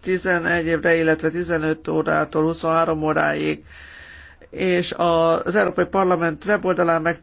11 évre, illetve 15 órától 23 óráig, és az Európai Parlament weboldalán meg